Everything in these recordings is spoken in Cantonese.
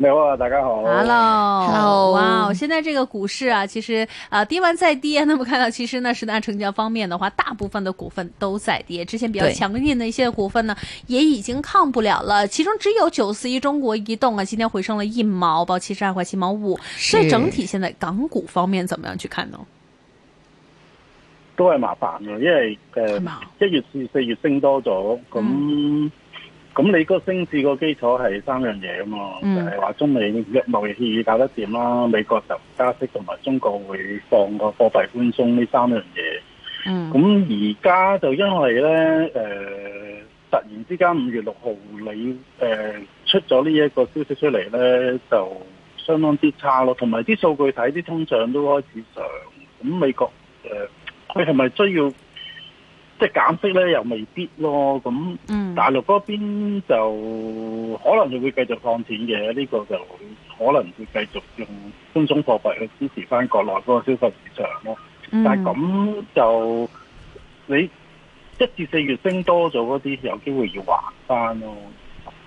冇啊！大家好，hello，hello 好啊！現在這個股市啊，其實啊、呃、跌完再跌，那麼看到其實呢，十大成交方面的話，大部分的股份都在跌，之前比較強勁的一些股份呢，對也已經抗不了了。其中只有九四一中國移動啊，今天回升了一毛，報七十二塊七毛五。所以整體現在港股方面怎麼樣去看呢？嗯、都係麻煩啊，因為誒一吧月至四月，四月升多咗咁。咁你個升市個基礎係三樣嘢啊嘛，嗯、就係話中美貿易協議搞得掂啦，美國就加息同埋中國會放個貨幣寬鬆呢三樣嘢。咁而家就因為咧誒、呃，突然之間五月六號你誒、呃、出咗呢一個消息出嚟咧，就相當之差咯。同埋啲數據睇啲通脹都開始上，咁美國誒佢係咪需要？即係減息咧，又未必咯。咁大陸嗰邊就可能仲會繼續放錢嘅，呢、嗯、個就可能會繼續用寬鬆貨幣去支持翻國內嗰個消費市場咯。嗯、但係咁就你一至四月升多咗嗰啲，有機會要還翻咯。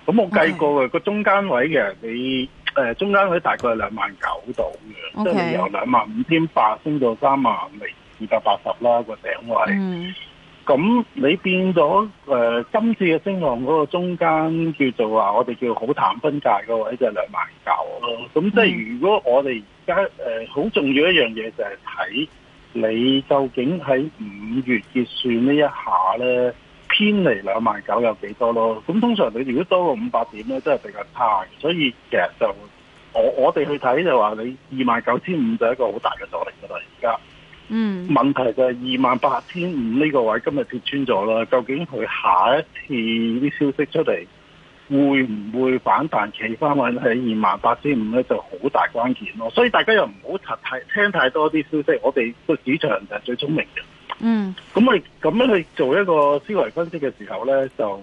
咁我計過嘅 Okay. 個中間位嘅，你、呃、誒中間位大概係兩萬九度嘅，Okay. 即係由兩萬五千八升到三萬零二百八十啦個頂位。嗯咁你變咗誒、呃、今次嘅升浪嗰個中間叫做話，我哋叫好淡分界嘅位就兩萬九咯。咁即係如果我哋而家誒好重要一樣嘢就係睇你究竟喺五月結算呢一下咧偏離兩萬九有幾多咯？咁通常你如果多過五百點咧，真係比較差，所以其實就是、我我哋去睇就話你二萬九千五就係一個好大嘅阻力㗎啦，而家。嗯，問題就係二萬八千五呢個位今日跌穿咗啦，究竟佢下一次啲消息出嚟會唔會反彈企翻位喺二萬八千五咧，就好大關鍵咯，所以大家又唔好太聽太多啲消息，我哋個市場就係最聰明嘅。嗯，咁我哋咁樣去做一個思維分析嘅時候咧，就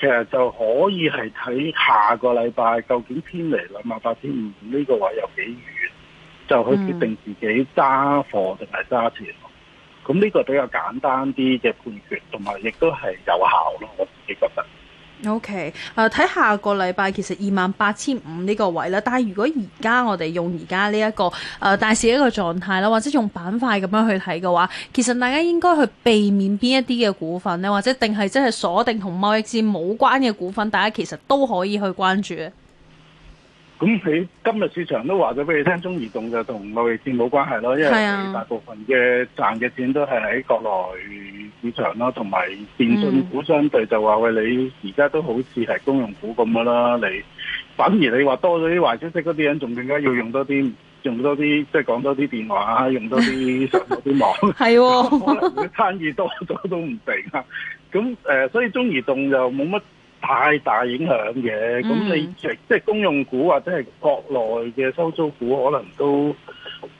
其實就可以係睇下個禮拜究竟偏離兩萬八千五呢個位有幾遠。就去決定自己揸貨定係揸錢咁呢、嗯、個比較簡單啲嘅判決，同埋亦都係有效咯，我自己覺得。O K. 啊，睇下個禮拜其實二萬八千五呢個位啦，但如果而家我哋用而家呢一個誒大市一個狀態啦，或者用板塊咁樣去睇嘅話，其實大家應該去避免邊一啲嘅股份呢？或者定係真係鎖定同貿易戰冇關嘅股份，大家其實都可以去關注。咁你今日市場都話咗俾你聽，中移動就同貿易戰冇關係咯，因為大部分嘅賺嘅錢都係喺國內市場啦，同埋電信股相對就話、嗯、喂，你而家都好似係公用股咁噶啦，你反而你話多咗啲壞消息，嗰啲人仲更加要用多啲，用多啲即係講多啲電話，用多啲上多啲網，係喎 是、哦， 可能生意多咗都唔定啊。咁誒、呃，所以中移動就冇乜。太大影響嘅，咁你即係公用股或者係國內嘅收租股，可能都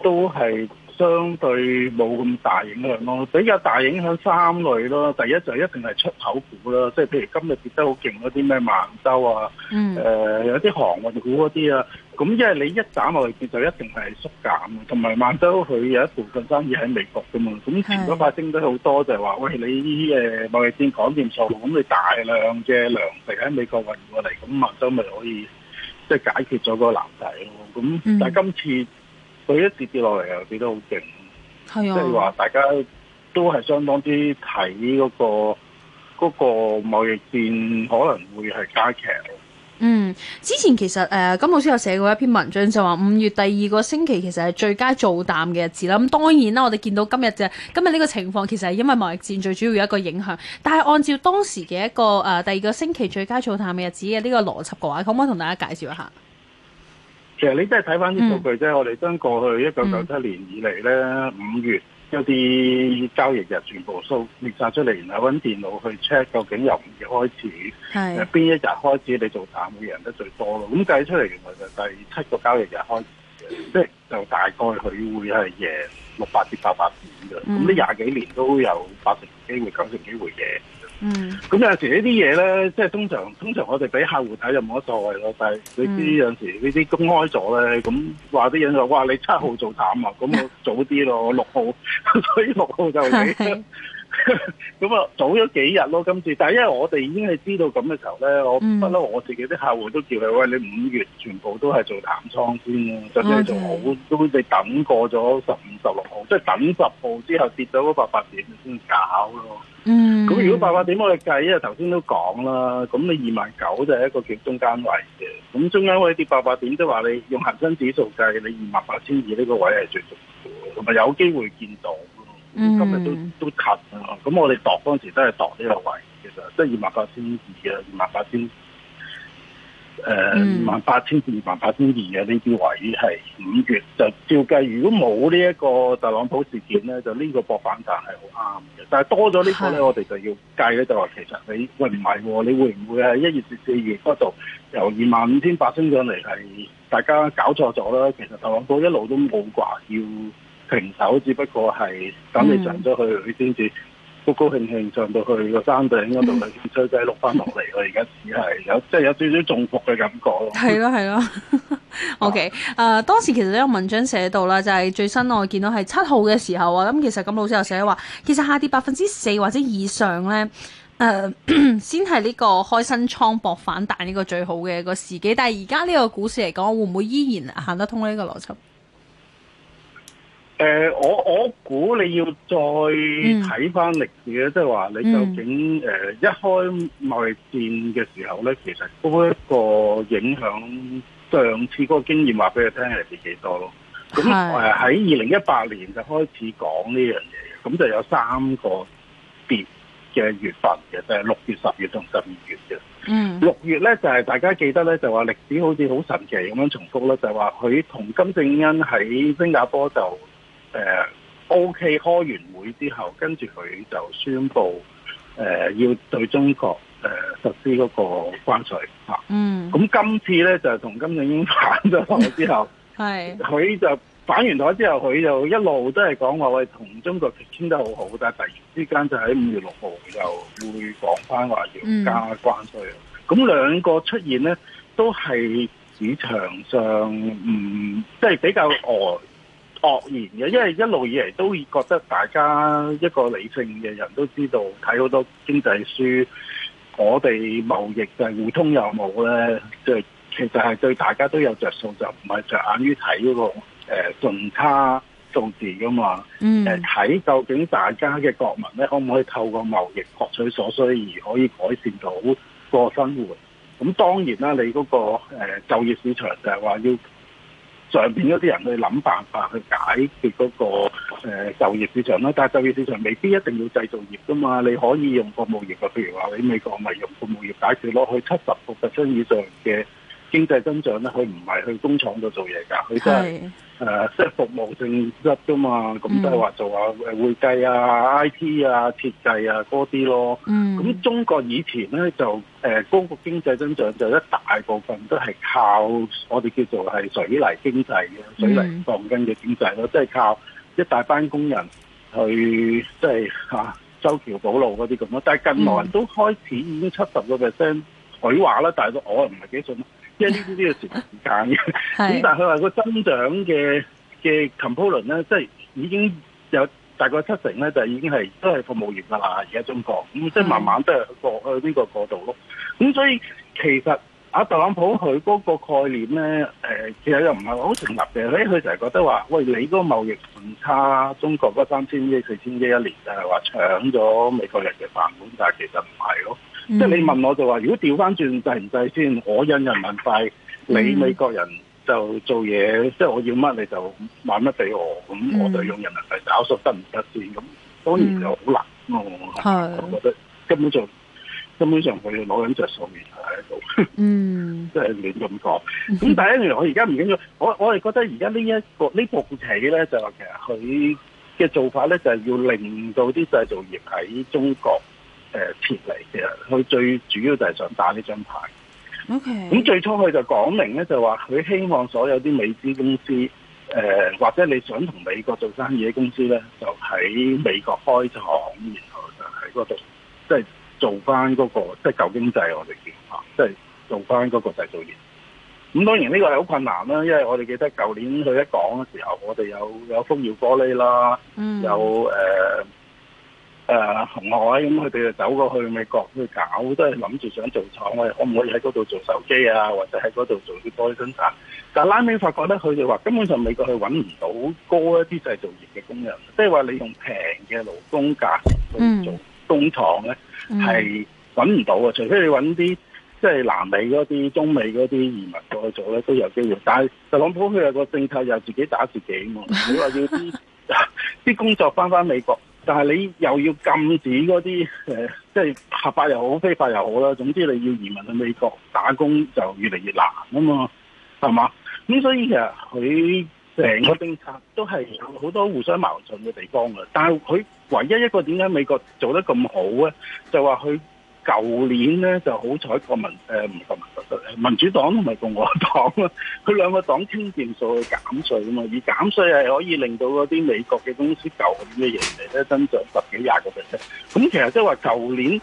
都係。相對冇咁大影響咯，比較大影響三類咯。第一就一定係出口股啦，即係譬如今日跌得好勁嗰啲咩萬洲啊，誒有啲航運股嗰啲啊。咁因為你一打貿易戰就一定係縮減嘅，同埋萬洲佢有一部分生意喺美國㗎嘛。咁前排升得好多就係話，喂你呢啲誒貿易戰講掂數，咁你大量嘅糧食喺美國運過嚟，咁萬洲咪可以即係解決咗個難題咯。咁但係今次。佢一跌跌落嚟又跌得好勁，係啊，即係話大家都係相當之睇嗰個嗰、那個貿易戰可能會係加劇咯。嗯，之前其實誒、呃、金老師有寫過一篇文章，就話五月第二個星期其實係最佳做淡嘅日子啦。咁、嗯、當然啦，我哋見到今日就今日呢個情況，其實係因為貿易戰最主要一個影響。但係按照當時嘅一個誒、呃、第二個星期最佳做淡嘅日子嘅呢個邏輯嘅話，可唔可以同大家介紹一下？其實你真係睇翻啲數據啫，嗯、我哋將過去一九九七年以嚟咧五月一啲交易日全部數列晒出嚟，然後搵電腦去 check 究竟由五月開始，邊是、呃、一日開始你做淡會贏得最多咯？咁計出嚟，原來就第七個交易日開始嘅，即係就大概佢會係贏六百至八百點嘅。咁呢廿幾年都有八成機會、九成機會嘅。嗯，咁有時呢啲嘢咧，即係通常通常我哋俾客戶睇就冇乜所謂咯。但係你知有陣時呢啲公開咗咧，咁話啲人就話你七號做淡啊，咁我早啲咯，六 號，所以六號就，是是 就幾，咁啊早咗幾日咯今次。但係因為我哋已經係知道咁嘅時候咧，我不嬲我自己啲客戶都叫佢、嗯、喂你五月全部都係做淡倉先咯，甚至、嗯、是做好都哋等過咗十五十六號，即、就、係、是、等十號之後跌咗嗰八八點先搞咯。嗯，咁如果八百點我哋計，因為頭先都講啦，咁你二萬九就係一個極中間位嘅，咁中間位跌八百點，即係話你用恒生指數計，你二萬八千二呢個位係最重要，同埋有機會見到，今日都都近啊，咁我哋度當時都係度呢個位其實，即係二萬八千二啊，二萬八千。誒，二萬八千至二萬八千二嘅呢啲位係五月就照計，如果冇呢一個特朗普事件咧，就呢個博反彈係好啱嘅。但係多咗呢個咧，我哋就要計咧，就話其實你喂唔係、哦，你會唔會係一月至四月嗰度由二萬五千八升上嚟係大家搞錯咗啦？其實特朗普一路都冇話要停手，只不過係等你上咗去佢先至。高高興興上到去個山頂嗰度，衰仔落翻落嚟，佢而家只係有即係有少少中伏嘅感覺咯。係咯，係咯。OK，誒當時其實呢有文章寫到啦，就係、是、最新我見到係七號嘅時候啊，咁其實咁老師又寫話，其實下跌百分之四或者以上咧，誒、呃、 先係呢個開新倉搏反彈呢個最好嘅一個時機。但係而家呢個股市嚟講，會唔會依然行得通呢個邏輯？誒、呃，我我估你要再睇翻歷史咧，即係話你究竟誒、嗯呃、一開貿易戰嘅時候咧，其實嗰一個影響，上次嗰個經驗話俾你聽係幾多咯？咁誒喺二零一八年就開始講呢樣嘢，咁就有三個跌嘅月份嘅，就係、是、六月、十月同十二月嘅。嗯，六月咧就係、是、大家記得咧，就話歷史好似好神奇咁樣重複咧，就話佢同金正恩喺新加坡就。誒，O K，開完會之後，跟住佢就宣布誒、呃，要對中國誒、呃、實施嗰個關稅。嗯。咁今、啊、次咧就同金正英反咗台之後，係 是。佢就反完台之後，佢就一路都係講話喂，同中國傾得好好，但係突然之間就喺五月六號又會講翻話要加關稅。咁兩、嗯、個出現咧，都係市場上，嗯，即、就、係、是、比較外。呃愕然嘅，因為一路以嚟都覺得大家一個理性嘅人都知道，睇好多經濟書，我哋貿易就係互通有冇咧，即係其實係對大家都有着數，就唔係着眼於睇嗰、那個誒順差數字噶嘛。誒睇、嗯、究竟大家嘅國民咧，可唔可以透過貿易獲取所需而可以改善到個生活？咁當然啦，你嗰個誒就業市場就係話要。上邊嗰啲人去諗辦法去解決 𠮶 個誒就業市場啦，但係就業市場未必一定要製造業噶嘛。你可以用服務業嘅，譬如話你美國咪用服務業解決攞去七十六十張以上嘅。經濟增長咧，佢唔係去工廠度做嘢噶，佢都係誒即係服務性質噶嘛，咁即係話做下誒會計啊、I T 啊、設計啊嗰啲咯。咁、嗯、中國以前咧就誒，中國經濟增長就一大部分都係靠我哋叫做係水泥經濟嘅、嗯、水泥鋼筋嘅經濟咯，即係靠一大班工人去即係嚇修橋補路嗰啲咁咯。但係近來都開始已經七十個 percent，佢話啦，但係、嗯、我唔係幾信。即呢啲嘅時間嘅，咁但係佢話個增長嘅嘅 component 咧，即係已經有大概七成咧，就已經係都係服務業㗎啦。而家中國咁即係慢慢都係過去呢個過渡咯。咁所以其實阿特朗普佢嗰個概念咧，誒、呃、其實又唔係好成立嘅。咧佢就係覺得話，喂你嗰個貿易順差，中國嗰三千億四千億一年就係話搶咗美國人嘅飯碗。」但係其實唔係咯。嗯、即係你問我就話，如果調翻轉制唔制先，我印人民幣，你美國人就做嘢，嗯、即係我要乜你就買乜俾我，咁、嗯嗯嗯、我就用人民幣找數得唔得先？咁當然就好難咯。我覺得根本上根本上佢攞緊着數面喺度，即係亂咁講。咁但係一樣我而家唔緊要，我我係覺得而家呢一個部呢步棋咧，就係其實佢嘅做法咧，就係、是、要令到啲製造業喺中國。誒，撤離嘅，佢最主要就係想打呢張牌。O K。咁最初佢就講明咧，就話佢希望所有啲美資公司，誒、呃、或者你想同美國做生意嘅公司咧，就喺美國開廠，然後就喺嗰度即係做翻嗰、嗰個即係、即係、舊經濟我哋。我哋見下，即係做翻嗰個製造業。咁當然呢個係好困難啦，因為我哋記得舊年佢一講嘅時候，我哋有有福耀玻璃啦，嗯、有誒。呃誒紅、呃、海咁，佢哋就走過去美國去搞，都係諗住想做廠，我哋可唔可以喺嗰度做手機啊，或者喺嗰度做啲多啲生產，但拉美發覺咧，佢哋話根本上美國係揾唔到高一啲製造業嘅工人，即係話你用平嘅勞工價去做工廠咧，係揾唔到嘅。除非你揾啲即係南美嗰啲、中美嗰啲移民過去做咧，都有機會。但係特朗普佢有個政策又自己打自己嘛。你話要啲啲工作翻翻美國。 但係你又要禁止嗰啲誒，即係合法又好、非法又好啦，總之你要移民去美國打工就越嚟越難啊嘛，係嘛？咁所以其實佢成個政策都係好多互相矛盾嘅地方㗎。但係佢唯一一個點解美國做得咁好咧，就話佢。舊年咧就好彩國民誒唔同民民主黨，同埋共和黨啊，佢兩個黨傾掂數去減稅啊嘛，以減稅係可以令到嗰啲美國嘅公司舊年嘅盈利咧增長十幾廿個 percent。咁、嗯、其實即係話舊年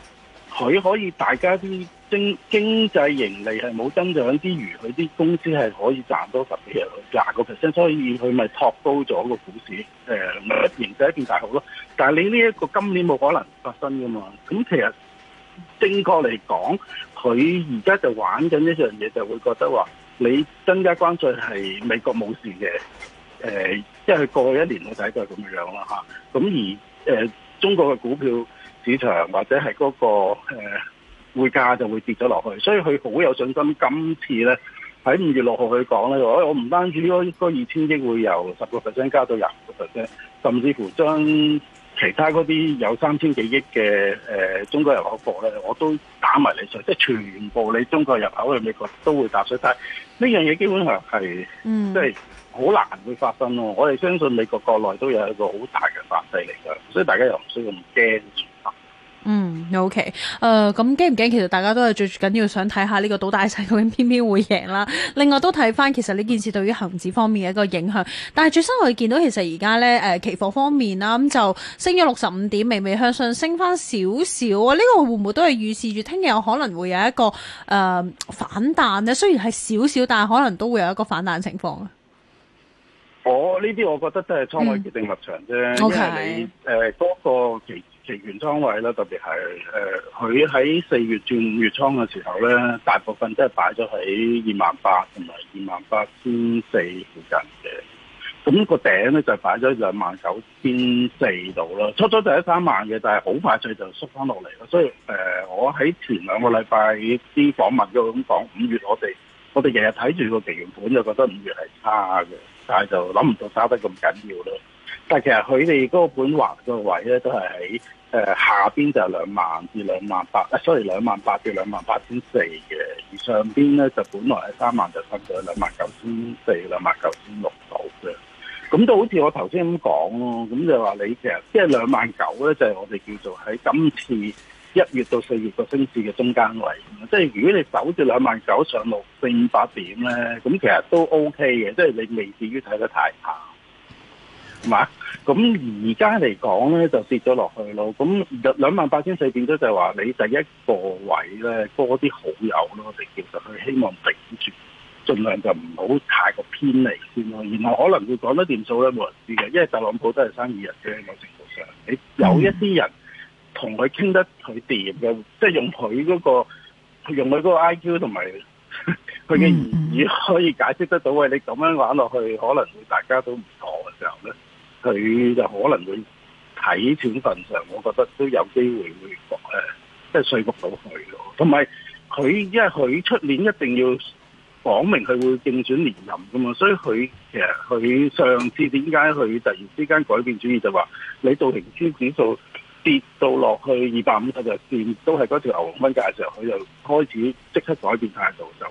佢可以大家啲經經濟盈利係冇增長之餘，佢啲公司係可以賺多十幾廿個 percent，所以佢咪托高咗個股市咪、呃、一誒就一變大好咯。但係你呢一個今年冇可能發生噶嘛？咁、嗯、其實。正確嚟講，佢而家就玩緊一樣嘢，就會覺得話你增加關稅係美國冇事嘅。誒、呃，即係佢過去一年我睇都係咁樣啦咁、啊、而、呃、中國嘅股票市場或者係嗰、那個誒、呃、匯價就會跌咗落去，所以佢好有信心。今次咧喺五月六號去講咧、哎，我我唔單止呢個二千億會由十個 percent 加到廿個 percent，甚至乎將其他嗰啲有三千幾億嘅、呃、中國入口貨咧，我都打埋你上，即係全部你中國入口去美國都會搭水泰，但係呢樣嘢基本上係，即係好難會發生咯。我哋相信美國國內都有一個好大嘅反勢嚟㗎，所以大家又唔需要咁驚。嗯，OK，誒、呃，咁驚唔驚？其實大家都係最緊要想睇下呢個賭大細究竟邊邊會贏啦。另外都睇翻，其實呢件事對於恒指方面嘅一個影響。但係最新我哋見到，其實而家呢誒、呃，期貨方面啦，咁、嗯、就升咗六十五點，微微向上升翻少少。呢、這個會唔會都係預示住聽日有可能會有一個誒、呃、反彈呢？雖然係少少，但係可能都會有一個反彈情況。我呢啲我覺得都係倉位決定立場啫。O K，誒，多個倉位咧，特別係誒，佢喺四月轉五月倉嘅時候咧，大部分都係擺咗喺二萬八同埋二萬八千四附近嘅。咁個頂咧就擺咗兩萬九千四度咯。初初就係三萬嘅，但係好快脆就縮翻落嚟咯。所以誒、呃，我喺前兩個禮拜啲訪問都咁講，五月我哋，我哋我哋日日睇住個期權盤就覺得五月係差嘅，但係就諗唔到差得咁緊要咯。但係其實佢哋嗰個盤橫嘅位咧都係喺。誒，下邊就係兩萬至兩萬八，誒 sorry 兩萬八至兩萬八千四嘅，而上邊咧就本來係三萬就升咗兩萬九千四兩萬九千六到嘅，咁就好似我頭先咁講咯，咁就話你其實即係兩萬九咧就係我哋叫做喺今次一月到四月個升市嘅中間位，即係如果你守住兩萬九上六四五八點咧，咁其實都 OK 嘅，即係你未至於睇得太下。係嘛？咁而家嚟講咧，就跌咗落去咯。咁兩萬八千四變咗就係話，你第一個位咧，多啲好友咯。我哋其實佢希望頂住，盡量就唔好太過偏離先咯。然後可能會講得掂數咧，冇人知嘅，因為特朗普都係生意人啫，某程度上，你有一啲人同佢傾得佢掂嘅，mm. 即係用佢嗰、嗰個，用佢嗰個 IQ 同埋佢嘅言語可以解釋得到。Mm. 喂，你咁樣玩落去，可能會大家都唔錯嘅時候咧。佢就可能會睇錢份上，我覺得都有機會會誒，即、呃、係說服到佢咯。同埋佢因為佢出年一定要講明佢會競選連任噶嘛，所以佢其實佢上次點解佢突然之間改變主意就話你道瓊斯指數跌到落去二百五十日線，都係嗰條牛熊分界嘅時候，佢就開始即刻改變態度就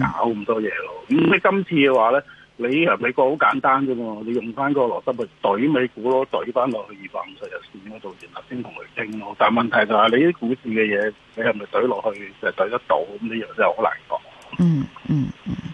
搞咁多嘢咯。咁你今次嘅話咧？ 你美國好簡單啫喎，你用翻個邏輯咪，懟美股咯，懟翻落去二百五十日線嗰度，然後先同佢傾咯。但問題就係、係、你啲股市嘅嘢，你係咪懟落去就懟得到咁呢樣真係好難講、嗯。嗯嗯。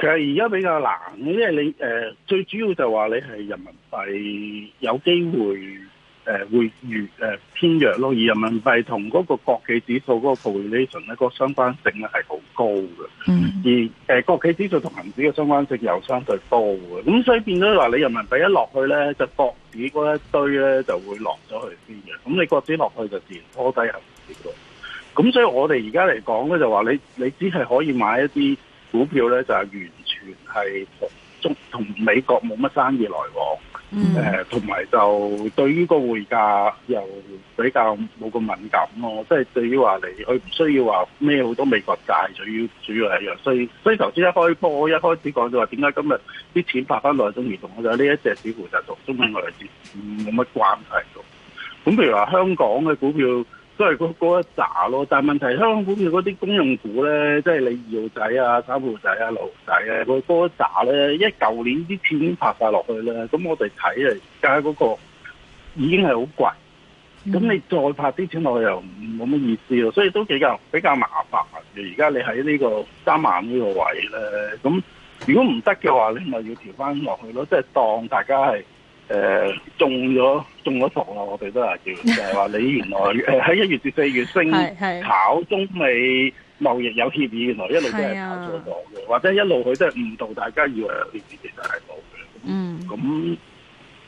其實而家比較難，因為你誒、呃、最主要就話你係人民幣有機會誒、呃、會越誒、呃、偏弱咯，而人民幣同嗰個國企指數嗰個 correlation 咧、那個相關性咧係好高嘅。嗯、mm。Hmm. 而誒、呃、國企指數同恒指嘅相關性又相對高嘅，咁所以變咗話你人民幣一落去咧，就國指嗰一堆咧就會落咗去先嘅，咁你國指落去就自然拖低恒指咯。咁所以我哋而家嚟講咧，就話你你只係可以買一啲。股票咧就係完全係同中同美國冇乜生意來往，誒同埋就對於個匯價又比較冇咁敏感咯，即係對於話你佢唔需要話咩好多美國債，主要主要係一樣，所以頭先一開波一開始講就話點解今日啲錢拍翻內中唔同，我就呢一隻似乎就同中美嚟資冇乜關係，咁譬如話香港嘅股票。都係嗰一揸咯，但係問題香港股票嗰啲公用股咧，即係你二號仔啊、三號仔啊、六號仔啊，佢嗰一揸咧，一舊年啲錢已經拍晒落去啦，咁我哋睇啊，而家嗰個已經係好貴，咁你再拍啲錢落去又冇乜意思咯，所以都比較比較麻煩。而家你喺呢個三萬呢個位咧，咁如果唔得嘅話，你咪要調翻落去咯，即係當大家係。誒、呃，中咗中咗毒啦，我哋都係叫，就係、是、話你原來誒喺一月至四月升， 是炒中美貿易有協議，原來一路都係炒咗糖嘅，啊、或者一路佢都係誤導大家以為有協議，其實係冇嘅。嗯，咁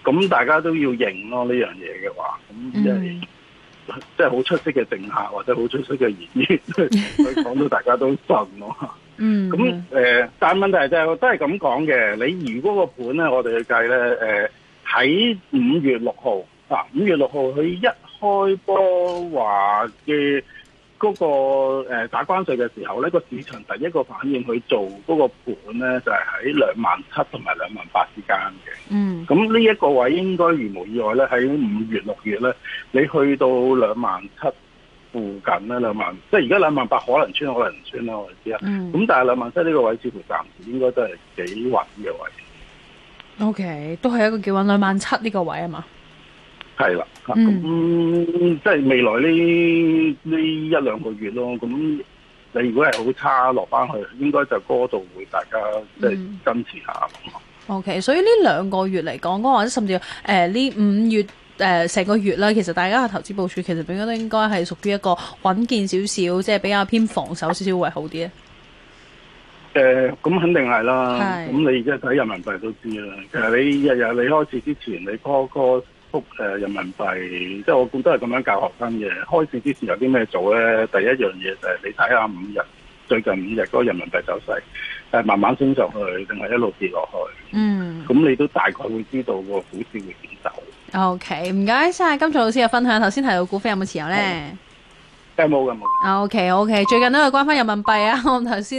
咁大家都要認咯，呢樣嘢嘅話，咁、就是嗯、即係即係好出色嘅政客或者好出色嘅言語佢講講到大家都震咯。嗯，咁誒、呃，但係問題就係、是、都係咁講嘅。你如果個盤咧，我哋去計咧，誒、呃。喺五月六號啊，五月六號佢一開波話嘅嗰個誒打關稅嘅時候咧，個市場第一個反應佢做嗰個盤咧，就係喺兩萬七同埋兩萬八之間嘅。嗯，咁呢一個位應該如無意外咧，喺五月六月咧，你去到兩萬七附近啦，兩萬即係而家兩萬八可能穿，可能唔穿啦，我哋知啊。嗯，咁但係兩萬七呢個位，似乎暫時應該都係幾穩嘅位置。O、okay, K，都係一個叫穩兩萬七呢個位啊嘛，係啦了，咁、嗯、即係未來呢呢一兩個月咯，咁你如果係好差落返去，應該就嗰度會大家即係增持下。O、okay, K，所以呢兩個月嚟講，或者甚至誒呢五月誒成、呃、個月咧，其實大家嘅投資部署其實點講都應該係屬於一個穩健少少，即、就、係、是、比較偏防守少少會好啲。誒，咁、嗯、肯定係啦。咁你而家睇人民幣都知啦。其實，你日日你開始之前你，你嗰個幅，誒，人民幣，即係我估都係咁樣教學生嘅。開始之前有啲咩做咧？第一樣嘢就係你睇下五日最近五日嗰人民幣走勢，係慢慢升上去定係一路跌落去？嗯。咁你都大概會知道個股市會點走。O K，唔該晒金柱老師嘅分享。頭先提到股飛有冇持有咧？即冇嘅冇。O K O K，最近都係關翻人民幣啊！我頭先。